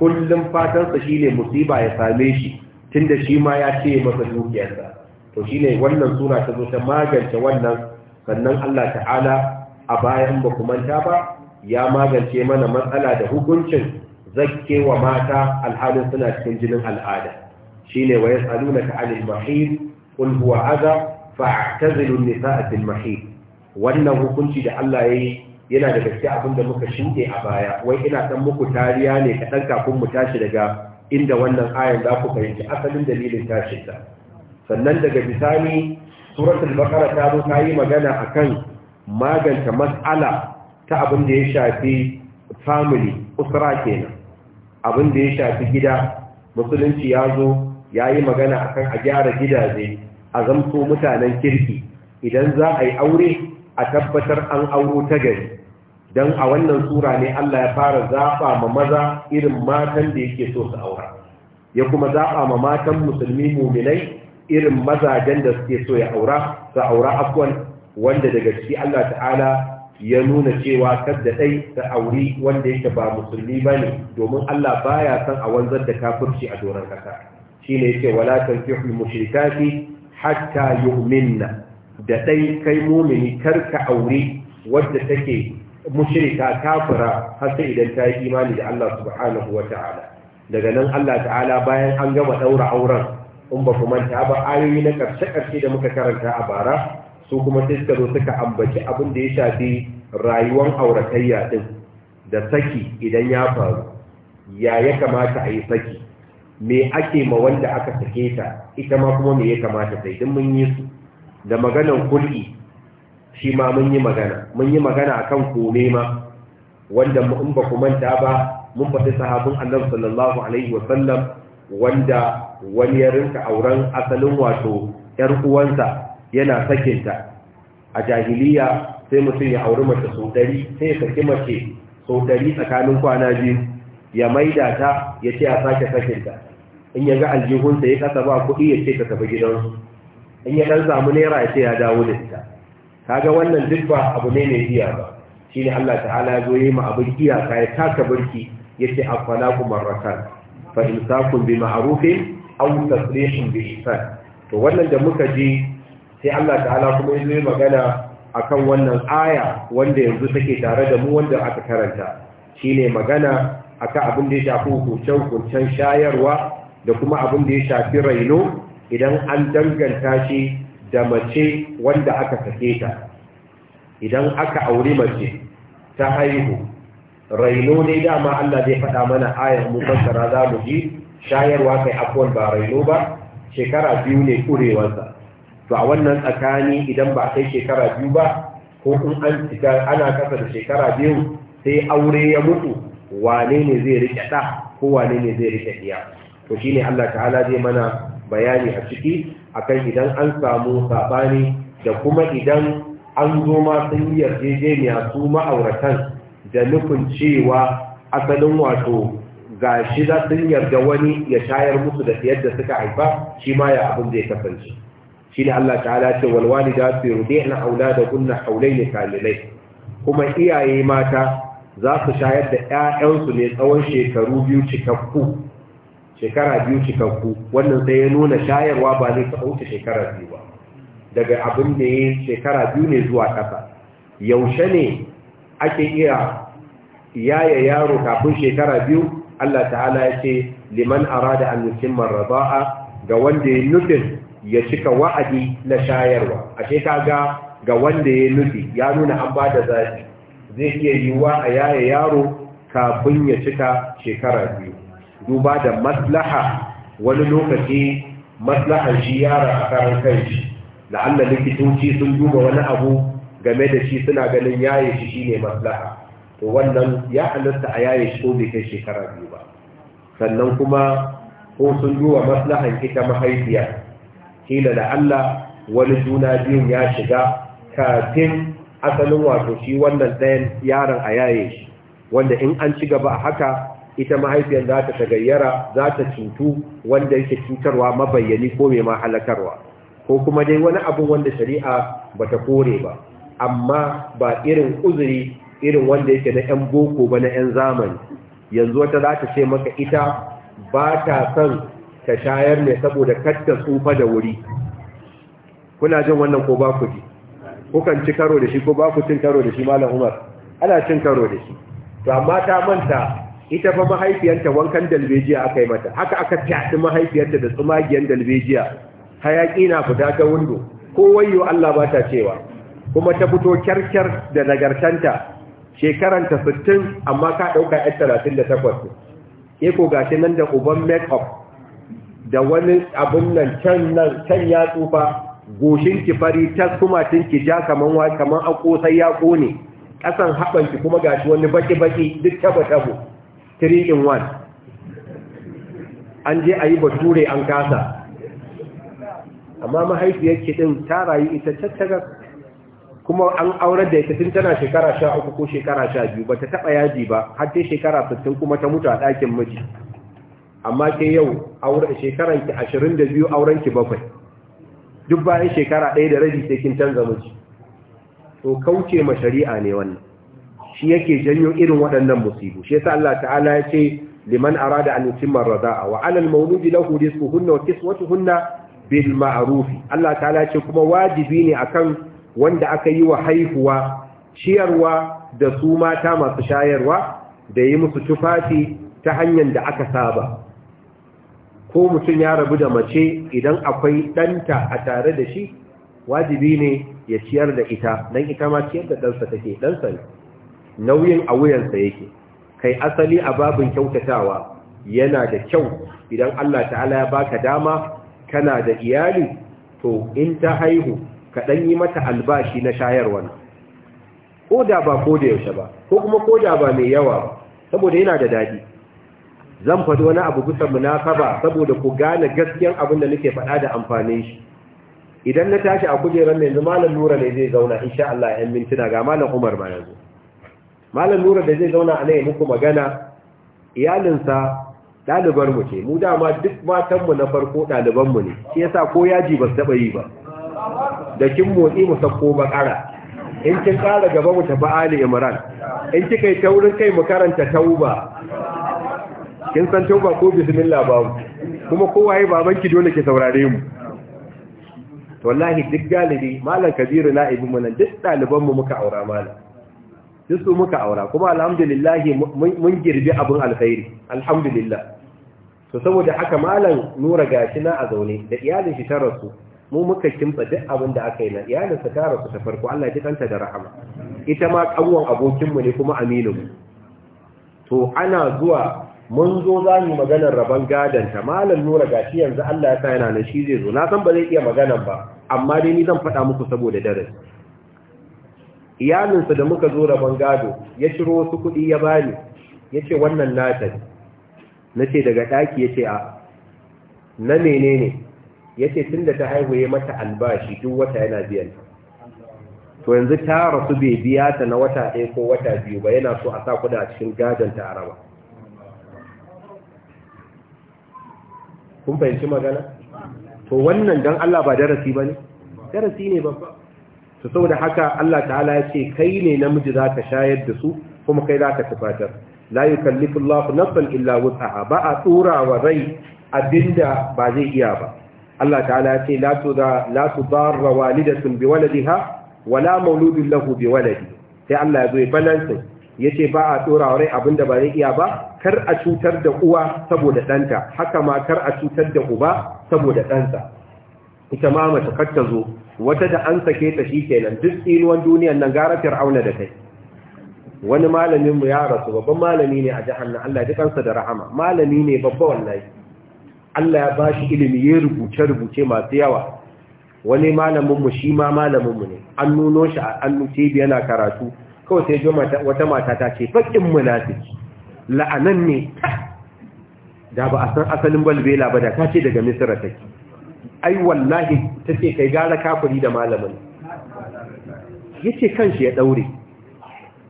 kullum fatansa shine musiba ya same shi tunda shi ma ya ce masa dukiyarsa to shine wannan suna ta zo ta magance wannan sannan Allah ta'ala a bayan ba ku manta ba ya magance mana matsala da hukuncin zakke wa mata alhalin suna cikin jinin al'ada shine wa yas'alunaka ta mahid qul huwa adha fa'tazilu nisaa fil mahid wannan hukunci da Allah yayi yana da gaske abin da muka shinde a baya wai ina dan muku tariya ne kadan kafin mu tashi daga inda wannan ayan za ku fahimci asalin dalilin tashin ta sannan daga bisani suratul baqara ta zo ta yi magana akan maganta mas'ala ta abin da ya shafi family usra kenan abin da ya shafi gida musulunci ya zo ya yi magana akan a gyara gidaje a zamto mutanen kirki idan za a yi aure a tabbatar an auro ta gari don a wannan sura ne Allah ya fara zaɓa ma maza irin matan da yake so su aura ya kuma zaɓa ma matan musulmi muminai irin mazajen da suke so ya aura su aura afwan wanda daga ciki Allah ta'ala ya nuna cewa kadda ɗai ta auri wanda yake ba musulmi ba ne domin Allah baya son a wanzar da kafirci a doron ƙasa shi ne yake wala tankihu mushrikati hatta yu'minna da dai kai mumini karka aure wadda take mushrika kafira har sai idan ta yi imani da Allah subhanahu wata'ala daga nan Allah ta'ala bayan an gama daura auren in ba ku manta ba ayoyi na karshe karshe da muka karanta a bara su kuma sai suka zo suka ambaci abin da ya shafi rayuwar auratayya din da saki idan ya faru ya ya kamata a yi saki me ake ma wanda aka sake ta ita ma kuma me ya kamata sai din mun yi su da maganan kulli shi ma mun yi magana mun yi magana akan kome ma wanda in ba ku manta ba mun fata sahabin Annabi sallallahu alaihi sallam wanda wani ya rinka auren asalin wato yar uwansa yana ta a jahiliya sai mutum ya auri mace sau ɗari sai ya saki mace sau ɗari tsakanin kwana biyu ya maida ta ya ce a sake fashinta. in ya ga aljihunsa ya kasa ba kuɗi ya ce ta tafi gidansu in ya ɗan samu naira ya ce ya dawo da ita kaga wannan duk ba abu ne mai biya ba shine Allah ta'ala ya zo yi ma abin iyaka ya taka barki yace ku marratan fa kun bi ma'rufin aw tasrihun bi ihsan to wannan da muka ji sai Allah ta'ala kuma yayi magana akan wannan aya wanda yanzu take tare da mu wanda aka karanta shine magana akan abin da ya shafi hukuncen-hukuncen shayarwa da kuma abin da ya shafi raino idan an danganta shi da mace wanda aka sake ta idan aka auri mace ta haihu raino ne dama Allah zai faɗa mana ayar mu fassara za mu ji shayarwa kai akwai ba raino ba shekara biyu ne kurewarsa to a wannan tsakani idan ba kai shekara biyu ba ko in an ana kasa da shekara biyu sai aure ya mutu wane ne zai rike ɗa ko wane ne zai rike ɗiya to shine Allah ta'ala zai mana bayani a ciki akan idan an samu sabani da kuma idan an zo ma sun yi yarjejeniya su ma'auratan da nufin cewa asalin wato ga shi za sun yarda wani ya shayar musu da yadda suka haifa shi ma ya abin zai kasance shi ne Allah ta'ala ce walwali da su yi na aula da kunna haulai ne kamilai kuma iyaye mata za su shayar da 'ya'yansu ne tsawon shekaru biyu cikakku shekara biyu cikakku wannan sai ya nuna shayarwa ba ne taɓa wuce shekara biyu ba daga abin da ya shekara biyu ne zuwa ƙasa yaushe ne ake iya yaya yaro kafin shekara biyu Allah ta'ala ya ce liman arada an yutimma marraba'a ga wanda ya nufin ya cika wa'adi na shayarwa ashe kaga ga wanda ya nufi ya nuna an ba da zafi zai iya yiwuwa a yaya yaro kafin ya cika shekara biyu duba da maslaha wani lokaci maslahar shi yara a karan shi la'alla likitoci sun duba wani abu game da shi suna ganin yaye shi shi ne maslaha to wannan ya halatta a yaye shi ko bai kai shekara biyu ba sannan kuma ko sun duba maslahan ita mahaifiya kila da Allah wani juna biyun ya shiga kafin asalin wato shi wannan ɗayan yaron a yaye shi wanda in an ci gaba a haka ita mahaifiyar za ta tagayyara za ta cutu wanda yake cutarwa mabayyani ko mai ma ko kuma dai wani abu wanda shari'a ba ta kore ba amma ba irin uzuri irin wanda yake na 'yan boko ba na 'yan zamani yanzu wata za ta ce maka ita ba ta son ta shayar ne saboda katta tsufa da wuri kuna jin wannan ko ba ku ji kukan ci karo da shi ko ba ku cin karo da shi malam umar ana cin karo da shi to amma ta manta ita fa mahaifiyarta wankan dalbejiya aka yi mata haka aka fyaɗi mahaifiyarta da tsumagiyar dalbejiya hayaƙi na fita ta wundo ko wayo Allah ba ta cewa kuma ta fito kyarkyar da nagartanta shekaranta 60 amma ka ɗauka 38 ke ko gashi nan da uban make up da wani abin nan can nan can ya tsufa goshin ki fari ta kuma ki ja kaman wa kaman a kosai ya kone kasan haban ki kuma gashi wani baki baki duk tabo tabo 3 in 1 an je ayi bature an kasa amma mahaifiyar ki din ta rayu ita tattaka kuma an aurar da ita tun tana shekara 13 ko shekara 12 bata taba yaji ba har sai shekara 60 kuma ta mutu a ɗakin miji amma ke yau shekaranki 22 aurenki bakwai duk bayan shekara ɗaya da rabi sai kin canza miji to kauce ma shari'a ne wannan shi yake janyo irin waɗannan musibu shi yasa Allah ta'ala ya ce liman arada an yutimma radaa wa 'ala al-mawludi lahu rizquhunna wa kiswatuhunna bil ma'ruf Allah ta'ala ya ce kuma wajibi ne akan wanda aka yi wa haihuwa ciyarwa da su mata masu shayarwa da yi musu tufafi ta hanyar da aka saba ko mutum ya rabu da mace idan akwai ɗanta a tare da shi wajibi ne ya ciyar da ita don ita ma ciyar da ɗansa take ɗansa ne nauyin a wuyansa yake kai asali a babin kyautatawa yana da kyau idan Allah ta'ala ya baka dama kana da iyali to in ta haihu ka ɗan yi mata albashi na shayarwa ko da ba ko da yaushe ba ko kuma ko da ba mai yawa saboda yana da daɗi zan faɗi wani abu bisa munasaba saboda ku gane gaskiyan abin da nake faɗa da amfanin shi idan na tashi a kujerar yanzu malam nura ne zai zauna insha Allah yan mintuna ga malam Umar ba yanzu malam nura da zai zauna a nan muku magana iyalinsa ɗalibar mu ce mu dama duk matan mu na farko ɗaliban mu ne shi yasa ko yaji ba su taɓa yi ba da kin motsi mu sako bakara in kin ƙara gaba mu tafi Ali Imran in kika yi taurin kai mu karanta tauba kin san tauba ko bismillah ku? kuma baban babanki dole ke saurare mu wallahi duk galibi malam kabiru na'ibin mu nan duk ɗaliban mu muka aura malam duk su muka aura kuma alhamdulillah mun girbi abin alkhairi alhamdulillah to saboda haka malam nura gashi na a zaune da iyalin shi ta rasu mu muka kimtsa duk abin da aka yi na iyalin sa ta rasu ta farko Allah ya kanta da rahama ita ma kanwan abokin mu ne kuma Aminu. mu to ana zuwa mun zo za mu maganar rabon gadon ta malam nura gashi yanzu Allah ya sa yana nan shi zai zo na san ba zai iya maganar ba amma dai ni zan faɗa muku saboda darasi iyalinsa da muka zo rabon gado ya ciro wasu kuɗi ya bani ya ce wannan nata ne na ce daga ɗaki ya ce a na menene ya ce tun da ta haihu ya mata albashi duk wata yana biyan to yanzu ta rasu bai biya ta na wata ɗaya ko wata biyu ba yana so a sa kuɗa a cikin gadon ta araba kun fahimci magana to wannan dan Allah ba darasi ne? darasi ne babba to saboda haka Allah ta'ala ya ce kai ne namiji za ka shayar da su kuma kai ka tafatar la yukallifu Allahu nafsan illa wus'aha ba a tsura wa rai abinda ba zai iya ba Allah ta'ala ya ce la tudar la tudarra walidatun biwaladiha wala mauludun lahu waladi sai Allah ya zo ya balance ya ce ba a ɗora rai abin da ba zai iya ba kar a cutar da uwa saboda ɗanta haka ma kar a cutar da uba saboda ɗansa ita ma mace kar zo wata da an sake ta shi kenan duk tsinuwan duniyan nan gara fir'auna da kai wani malamin mu ya rasu babban malami ne a jahannan Allah ya kansa da rahama malami ne babba wallahi Allah ya bashi ilimi ya rubuce rubuce masu yawa wani malamin mu shi ma malamin mu ne an nuno shi a annu yana karatu kawai sai wata mata ta ce bakin munafiki la'anan ne da ba a san asalin balbela ba da ta ce daga misira take ai wallahi ta ce kai gara kafuri da malamin ya ce kanshi ya daure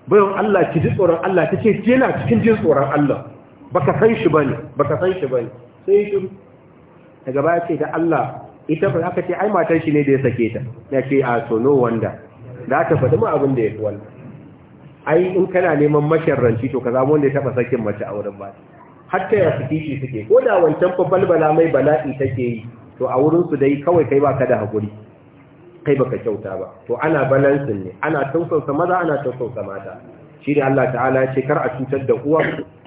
bayan Allah ki ji tsoron Allah ta ce jela cikin jin tsoron Allah baka san shi bane baka san shi bane sai ya shiru daga baya ce da Allah ita ba aka ce ai matar shi ne da ya sake ta ya ce a so no wanda da ta faɗi ma abin da ya fi wanda. ai in kana neman ranci to ka zama wanda ya taba sakin mace a wurin Har hatta ya su kishi suke ko da wancan fa balbala mai bala'i take yi to a wurin su dai kawai kai baka da hakuri kai baka kyauta ba to ana balancin ne ana tausausa maza ana tausausa mata shi ne Allah ta'ala ya ce kar a cutar da uwa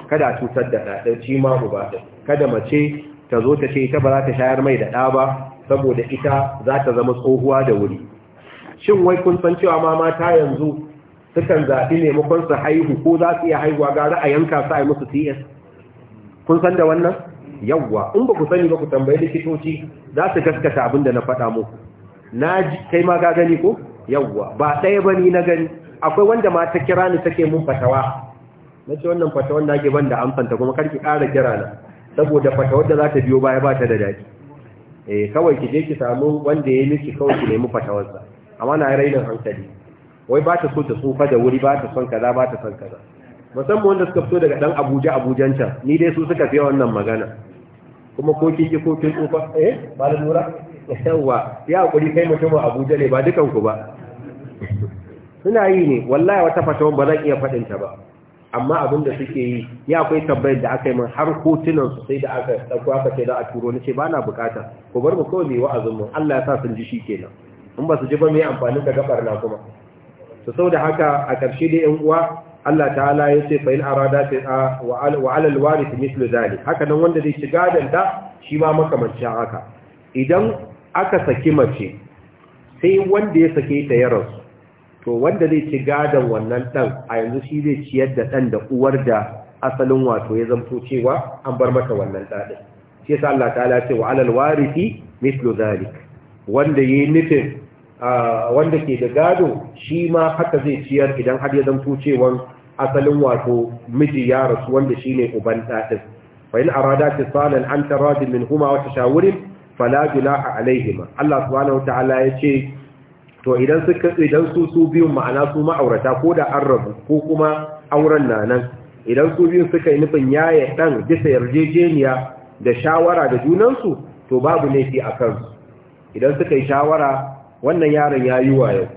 kada a cutar da ɗaɗa shi ma uba kada mace ta zo ta ce ita ba za ta shayar mai da ɗa ba saboda ita za ta zama tsohuwa da wuri shin wai kun san cewa ma mata yanzu sukan zaɓi maimakon su haihu ko za su iya haihuwa gara a yanka sa a yi musu ts kun san da wannan yawwa in ba ku sani ba ku tambayi likitoci za su gaskata abin da na faɗa muku na ji kai ma ga gani ko yawwa ba ɗaya ba ni na gani akwai wanda ma ta kira ni take mun fatawa na ce wannan fatawar na ke ban da amfanta kuma karki ƙara kira na saboda fatawar da za ta biyo baya ba ta da daɗi eh kawai ki je ki samu wanda ya miki kawai ki nemi fatawarsa amma na rainin hankali wai ba ta so ta tsufa da wuri ba ta son kaza ba ta son kaza musamman wanda suka fito daga dan abuja abujan can ni dai su suka fiye wannan magana kuma ko kin ki ko kin tsufa eh ba da nura yawa ya hakuri kai mutum abuja ne ba dukan ku ba suna yi ne wallahi wata fatawan ba zan iya faɗin ta ba amma abin da suke yi ya akwai tabbayar da aka yi min har kotunan su sai da aka dauko aka ce za a turo ce ba na bukata ko bar mu kawai mai wa'azin mu Allah ya sa sun ji shi kenan. in ba su ji ba mai amfani ga gabar na kuma to saboda haka a ƙarshe dai yan uwa Allah ta'ala ya ce fa in arada ta wa ala alwarith mithlu dhalik haka nan wanda zai ci gadan ta shi ma makamancin haka idan aka saki mace sai wanda ya sake ta ya rasu to wanda zai ci gadan wannan dan a yanzu shi zai ciyar da dan da uwar da asalin wato ya zanto cewa an bar mata wannan dadin shi yasa Allah ta'ala ce wa alal warithi mithlu dhalik wanda yayi nufin wanda ke da gado shi ma haka zai ciyar idan har ya zanto cewa asalin wato miji ya rasu wanda shi ne uban ɗaɗin fa in arada tisalan an taradin min huma wata shawurin fala a alaihima Allah subhanahu ya ce to idan suka idan su su biyun ma'ana su ma'aurata ko da an rabu ko kuma auren na nan, idan su biyun suka yi nufin yaya ɗan bisa yarjejeniya da shawara da junansu to babu laifi a kansu idan suka yi shawara wannan yaron ya yi wayo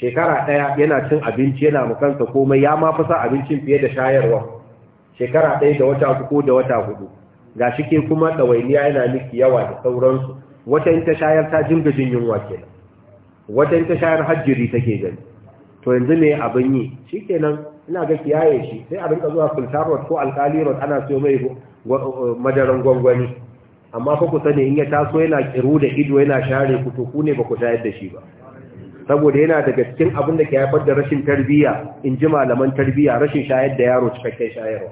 shekara ɗaya yana cin abinci yana makansa komai ya ma fasa abincin fiye da shayarwa shekara ɗaya da wata uku da wata hudu ga shi ke kuma ɗawainiya yana miki yawa da sauransu wata in ta shayar ta jinga jin yunwa kenan wata in ta shayar hajjiri take gani to yanzu ne abin yi shikenan ina ga kiyaye shi sai a rinka zuwa sultan ko alkali road ana siyo mai eh, madaran gwangwani amma fa ku sani in ya taso yana kiru da ido yana share ku to ku ne ba ku ta da shi ba saboda yana daga cikin abin da ke haifar da rashin tarbiyya in ji malaman tarbiyya rashin shayar da yaro cikakken shayarwa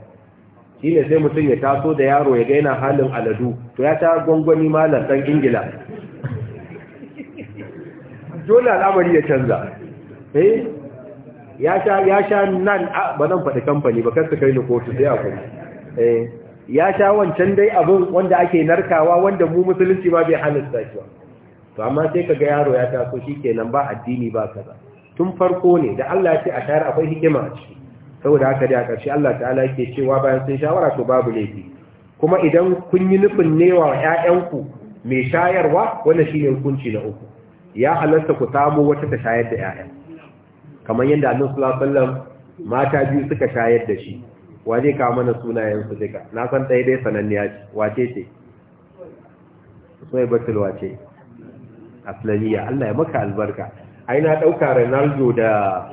shi ne sai mutum ya taso da yaro ya gaina halin aladu to ya ta gwangwani malam ɗan ingila dole al'amari ya canza eh ya sha ya sha nan ba nan faɗi kamfani ba kar su kai ni kotu sai a kuma eh ya sha wancan dai abin wanda ake narkawa wanda mu musulunci ba bai halasta shi to amma sai kaga yaro ya taso shikenan ba addini ba kaza tun farko ne da Allah ya ce a tare akwai hikima a ciki saboda haka da a ƙarshe Allah ta'ala ke cewa bayan sun shawara to babu laifi kuma idan kun yi nufin newa ƴaƴanku mai shayarwa wanda shine hukunci na uku ya halarta ku samu wata ta shayar da ƴaƴan kamar yadda Annabi sallallahu alaihi mata biyu suka shayar da shi Waje ka mana mana sunayensu duka na san ɗaya dai sananniya ce wace ce sai batul wace aslaniya Allah ya maka albarka ai na ɗauka ronaldo da (laughs)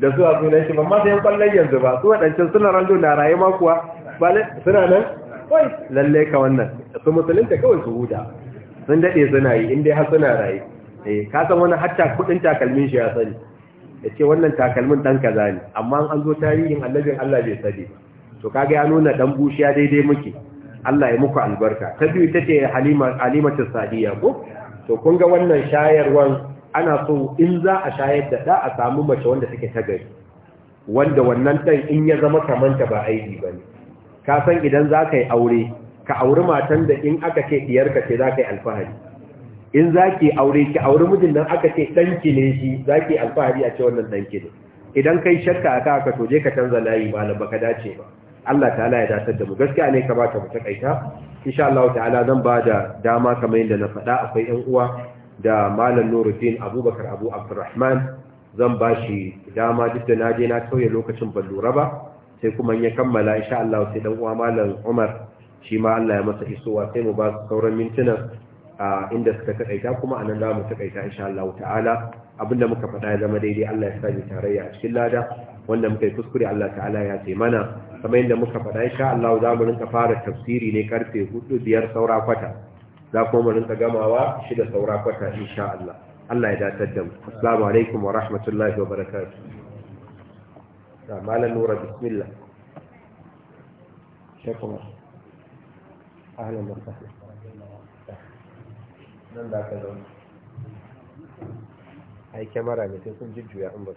da su a sunan shi mamma sai yan ƙwallon yanzu ba su waɗancan suna ronaldo na raye ma kuwa suna nan wai lalle ka wannan su musulunta kawai su huda sun daɗe suna yi inda har suna raye eh, ka san wani hatta kuɗin takalmin shi ya sani ya ce wannan takalmin ɗan kaza ne amma an zo tarihin annabin Allah bai sani ba to kaga ya nuna ɗan bushiya daidai muke Allah ya muku albarka ta biyu ta ce halimatu sadiya ko to kun ga wannan shayarwan ana so in za a shayar da da a samu mace wanda take ta gari wanda wannan ɗan in ya zama kamanta ba aiki ba ne ka san idan za ka yi aure ka auri matan da in aka ce ɗiyarka ce za ka yi alfahari in zaki aure ki aure mijin nan aka ce ɗanki ne shi ki alfahari a ce wannan danki ne idan kai shakka aka aka to je ka canza layi ba malam ka dace ba Allah ta'ala ya datar da mu gaskiya ne ka ba ta mu takaita insha Allah ta'ala zan ba da dama kamar yadda na faɗa akwai ƴan uwa da malam Nuruddin Abubakar Abu Abdurrahman zan ba shi dama duk da na je na tauye lokacin ban lura ba sai kuma in ya kammala insha Allah sai dan uwa malam Umar shi ma Allah ya masa isowa sai mu ba sauran mintuna inda suka takaita kuma a nan za mu takaita insha Allah ta'ala abinda muka faɗa ya zama daidai Allah ya sa mu tarayya a cikin lada wanda muka yi kuskure Allah ta'ala ya ce mana kamar yadda muka faɗa insha Allah za mu rinka fara tafsiri ne karfe 4 biyar saura kwata za kuma mu rinka gamawa shida saura kwata insha Allah Allah ya datar da mu assalamu alaikum wa rahmatullahi wa barakatuh malam nura bismillah shekuma ahlan wa sahlan nan da aka zama. ai kyamara ne sai sun jujjuya an ba